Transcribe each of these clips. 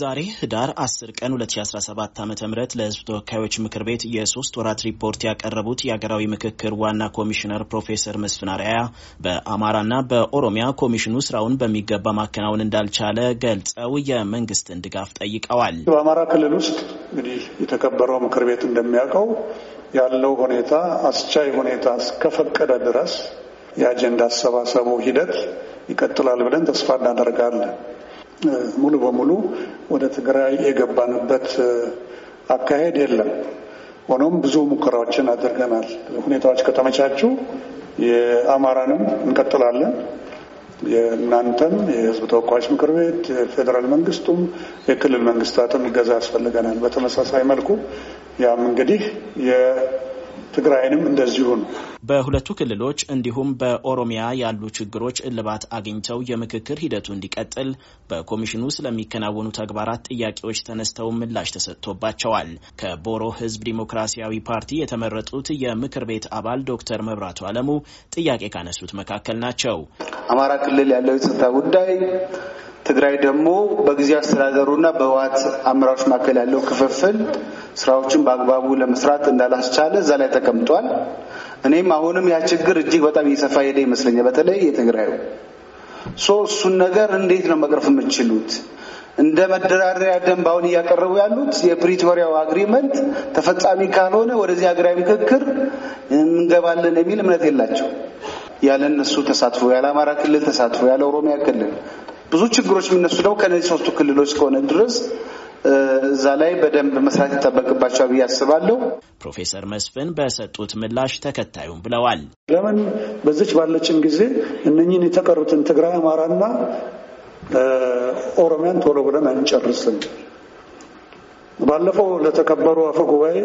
ዛሬ ህዳር 10 ቀን 2017 ዓ ም ለህዝብ ተወካዮች ምክር ቤት የሶስት ወራት ሪፖርት ያቀረቡት የአገራዊ ምክክር ዋና ኮሚሽነር ፕሮፌሰር መስፍን አርአያ በአማራና በኦሮሚያ ኮሚሽኑ ስራውን በሚገባ ማከናወን እንዳልቻለ ገልጸው የመንግስትን ድጋፍ ጠይቀዋል። በአማራ ክልል ውስጥ እንግዲህ የተከበረው ምክር ቤት እንደሚያውቀው ያለው ሁኔታ አስቻይ ሁኔታ እስከፈቀደ ድረስ የአጀንዳ አሰባሰቡ ሂደት ይቀጥላል ብለን ተስፋ እናደርጋለን። ሙሉ በሙሉ ወደ ትግራይ የገባንበት አካሄድ የለም። ሆኖም ብዙ ሙከራዎችን አድርገናል። ሁኔታዎች ከተመቻቹ የአማራንም እንቀጥላለን። የእናንተም የህዝብ ተወካዮች ምክር ቤት፣ የፌዴራል መንግስቱም፣ የክልል መንግስታትም ይገዛ ያስፈልገናል። በተመሳሳይ መልኩ ያም እንግዲህ ትግራይንም እንደዚሁ ነው። በሁለቱ ክልሎች እንዲሁም በኦሮሚያ ያሉ ችግሮች እልባት አግኝተው የምክክር ሂደቱ እንዲቀጥል በኮሚሽኑ ስለሚከናወኑ ተግባራት ጥያቄዎች ተነስተው ምላሽ ተሰጥቶባቸዋል። ከቦሮ ሕዝብ ዲሞክራሲያዊ ፓርቲ የተመረጡት የምክር ቤት አባል ዶክተር መብራቱ አለሙ ጥያቄ ካነሱት መካከል ናቸው። አማራ ክልል ያለው የጸጥታ ጉዳይ ትግራይ ደግሞ በጊዜ አስተዳደሩና በህወሓት አመራሮች መካከል ያለው ክፍፍል ስራዎችን በአግባቡ ለመስራት እንዳላስቻለ እዛ ላይ ተቀምጧል። እኔም አሁንም ያ ችግር እጅግ በጣም እየሰፋ ሄደ ይመስለኛል። በተለይ የትግራዩ ሶ እሱን ነገር እንዴት ነው መቅረፍ የምትችሉት? እንደ መደራደሪያ ደንብ አሁን እያቀረቡ ያሉት የፕሪቶሪያው አግሪመንት ተፈጻሚ ካልሆነ ወደዚህ ሀገራዊ ምክክር እንገባለን የሚል እምነት የላቸው። ያለ እነሱ ተሳትፎ ያለ አማራ ክልል ተሳትፎ ያለ ኦሮሚያ ክልል ብዙ ችግሮች የሚነሱ ደግሞ ከነዚህ ሶስቱ ክልሎች ከሆነ ድረስ እዛ ላይ በደንብ መስራት ይጠበቅባቸዋል ብዬ አስባለሁ። ፕሮፌሰር መስፍን በሰጡት ምላሽ ተከታዩም ብለዋል። ለምን በዚች ባለችን ጊዜ እነኝን የተቀሩትን ትግራይ፣ አማራና ኦሮሚያን ቶሎ ብለን አንጨርስም። ባለፈው ለተከበሩ አፈ ጉባኤ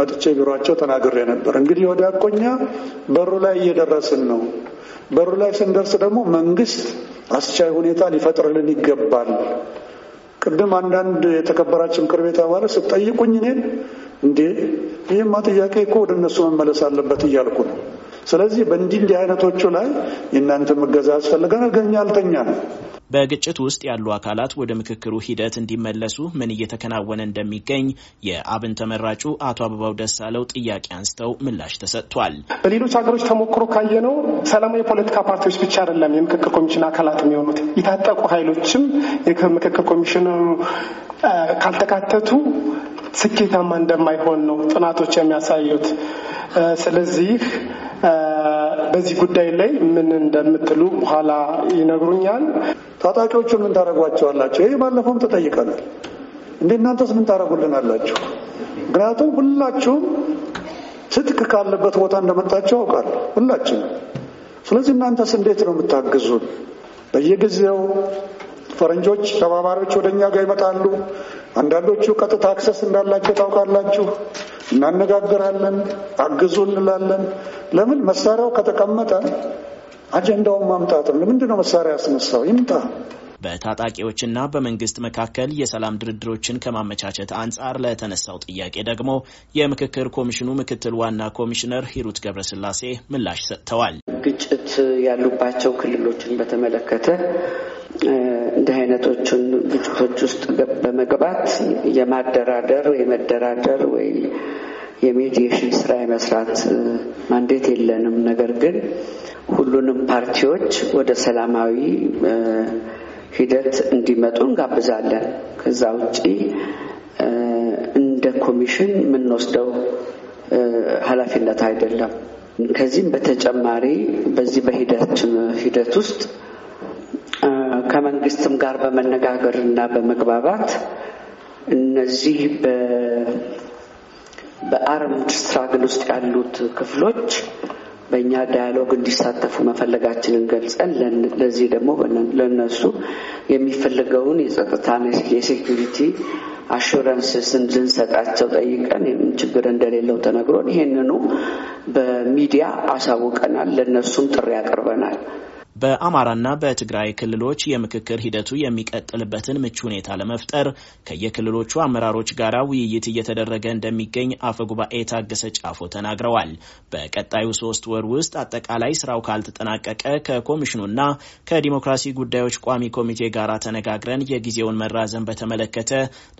መጥቼ ቢሯቸው ተናግሬ ነበር። እንግዲህ ወደ አቆኛ በሩ ላይ እየደረስን ነው። በሩ ላይ ስንደርስ ደግሞ መንግስት አስቻይ ሁኔታ ሊፈጥርልን ይገባል። ቅድም አንዳንድ የተከበራችሁ ምክር ቤት አባላት ስትጠይቁኝ እኔን እንዴ ይህማ ጥያቄ እኮ ወደ እነሱ መመለስ አለበት እያልኩ ነው። ስለዚህ በእንዲህ እንዲህ አይነቶቹ ላይ የእናንተ እገዛ ያስፈልገናል። ገኛ አልተኛ ነው በግጭት ውስጥ ያሉ አካላት ወደ ምክክሩ ሂደት እንዲመለሱ ምን እየተከናወነ እንደሚገኝ የአብን ተመራጩ አቶ አበባው ደሳለው ጥያቄ አንስተው ምላሽ ተሰጥቷል። በሌሎች ሀገሮች ተሞክሮ ካየነው ሰላማዊ የፖለቲካ ፓርቲዎች ብቻ አይደለም የምክክር ኮሚሽን አካላት የሚሆኑት የታጠቁ ኃይሎችም የምክክር ኮሚሽኑ ካልተካተቱ ስኬታማ እንደማይሆን ነው ጥናቶች የሚያሳዩት። ስለዚህ በዚህ ጉዳይ ላይ ምን እንደምትሉ በኋላ ይነግሩኛል። ታጣቂዎቹ ምን ታደረጓቸዋላቸው? ይህ ባለፈውም ተጠይቀናል። እንደ እናንተስ ምን ታደረጉልናላችሁ? ምክንያቱም ሁላችሁም ትጥቅ ካለበት ቦታ እንደመጣችሁ አውቃለሁ፣ ሁላችን። ስለዚህ እናንተስ እንዴት ነው የምታግዙን? በየጊዜው ፈረንጆች ተባባሪዎች ወደ እኛ ጋር ይመጣሉ። አንዳንዶቹ ቀጥታ አክሰስ እንዳላቸው ታውቃላችሁ። እናነጋግራለን፣ አግዙ እንላለን። ለምን መሳሪያው ከተቀመጠ አጀንዳውን ማምጣትም ለምንድነው መሳሪያ ያስነሳው? ይምጣ። በታጣቂዎችና በመንግስት መካከል የሰላም ድርድሮችን ከማመቻቸት አንጻር ለተነሳው ጥያቄ ደግሞ የምክክር ኮሚሽኑ ምክትል ዋና ኮሚሽነር ሂሩት ገብረስላሴ ምላሽ ሰጥተዋል። ግጭት ያሉባቸው ክልሎችን በተመለከተ አይነቶቹን ግጭቶች ውስጥ በመግባት የማደራደር የመደራደር ወይ የሚዲዬሽን ስራ የመስራት ማንዴት የለንም። ነገር ግን ሁሉንም ፓርቲዎች ወደ ሰላማዊ ሂደት እንዲመጡ እንጋብዛለን። ከዛ ውጪ እንደ ኮሚሽን የምንወስደው ኃላፊነት አይደለም። ከዚህም በተጨማሪ በዚህ በሂደት ሂደት ውስጥ ከመንግስትም ጋር በመነጋገር እና በመግባባት እነዚህ በአርምድ ስትራግል ውስጥ ያሉት ክፍሎች በእኛ ዳያሎግ እንዲሳተፉ መፈለጋችንን ገልጸን ለዚህ ደግሞ ለእነሱ የሚፈልገውን የጸጥታና የሴኪሪቲ አሹራንስን ልንሰጣቸው ጠይቀን ችግር እንደሌለው ተነግሮን ይህንኑ በሚዲያ አሳውቀናል። ለእነሱም ጥሪ አቅርበናል። በአማራና በትግራይ ክልሎች የምክክር ሂደቱ የሚቀጥልበትን ምቹ ሁኔታ ለመፍጠር ከየክልሎቹ አመራሮች ጋራ ውይይት እየተደረገ እንደሚገኝ አፈጉባኤ ታገሰ ጫፎ ተናግረዋል። በቀጣዩ ሶስት ወር ውስጥ አጠቃላይ ስራው ካልተጠናቀቀ ከኮሚሽኑና ከዲሞክራሲ ጉዳዮች ቋሚ ኮሚቴ ጋር ተነጋግረን የጊዜውን መራዘን በተመለከተ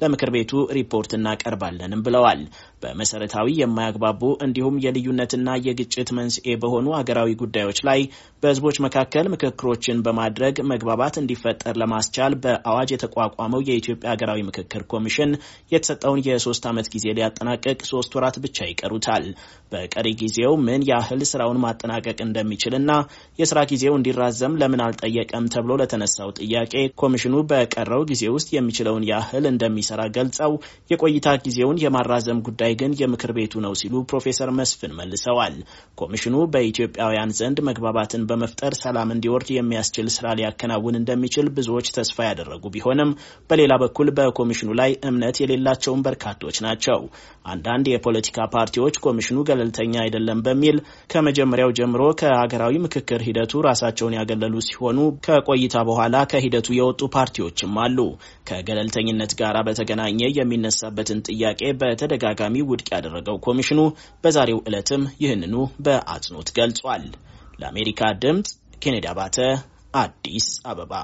ለምክር ቤቱ ሪፖርት እናቀርባለንም ብለዋል። በመሰረታዊ የማያግባቡ እንዲሁም የልዩነትና የግጭት መንስኤ በሆኑ አገራዊ ጉዳዮች ላይ በህዝቦች መካከል የፌዴራል ምክክሮችን በማድረግ መግባባት እንዲፈጠር ለማስቻል በአዋጅ የተቋቋመው የኢትዮጵያ ሀገራዊ ምክክር ኮሚሽን የተሰጠውን የሶስት ዓመት ጊዜ ሊያጠናቀቅ ሶስት ወራት ብቻ ይቀሩታል። በቀሪ ጊዜው ምን ያህል ስራውን ማጠናቀቅ እንደሚችልና የስራ ጊዜው እንዲራዘም ለምን አልጠየቀም ተብሎ ለተነሳው ጥያቄ ኮሚሽኑ በቀረው ጊዜ ውስጥ የሚችለውን ያህል እንደሚሰራ ገልጸው የቆይታ ጊዜውን የማራዘም ጉዳይ ግን የምክር ቤቱ ነው ሲሉ ፕሮፌሰር መስፍን መልሰዋል። ኮሚሽኑ በኢትዮጵያውያን ዘንድ መግባባትን በመፍጠር ሰላምን እንዲወርድ የሚያስችል ስራ ሊያከናውን እንደሚችል ብዙዎች ተስፋ ያደረጉ ቢሆንም በሌላ በኩል በኮሚሽኑ ላይ እምነት የሌላቸውን በርካቶች ናቸው። አንዳንድ የፖለቲካ ፓርቲዎች ኮሚሽኑ ገለልተኛ አይደለም በሚል ከመጀመሪያው ጀምሮ ከሀገራዊ ምክክር ሂደቱ ራሳቸውን ያገለሉ ሲሆኑ ከቆይታ በኋላ ከሂደቱ የወጡ ፓርቲዎችም አሉ። ከገለልተኝነት ጋር በተገናኘ የሚነሳበትን ጥያቄ በተደጋጋሚ ውድቅ ያደረገው ኮሚሽኑ በዛሬው ዕለትም ይህንኑ በአጽንኦት ገልጿል። ለአሜሪካ ድምፅ ኬኔዲ አባተ አዲስ አበባ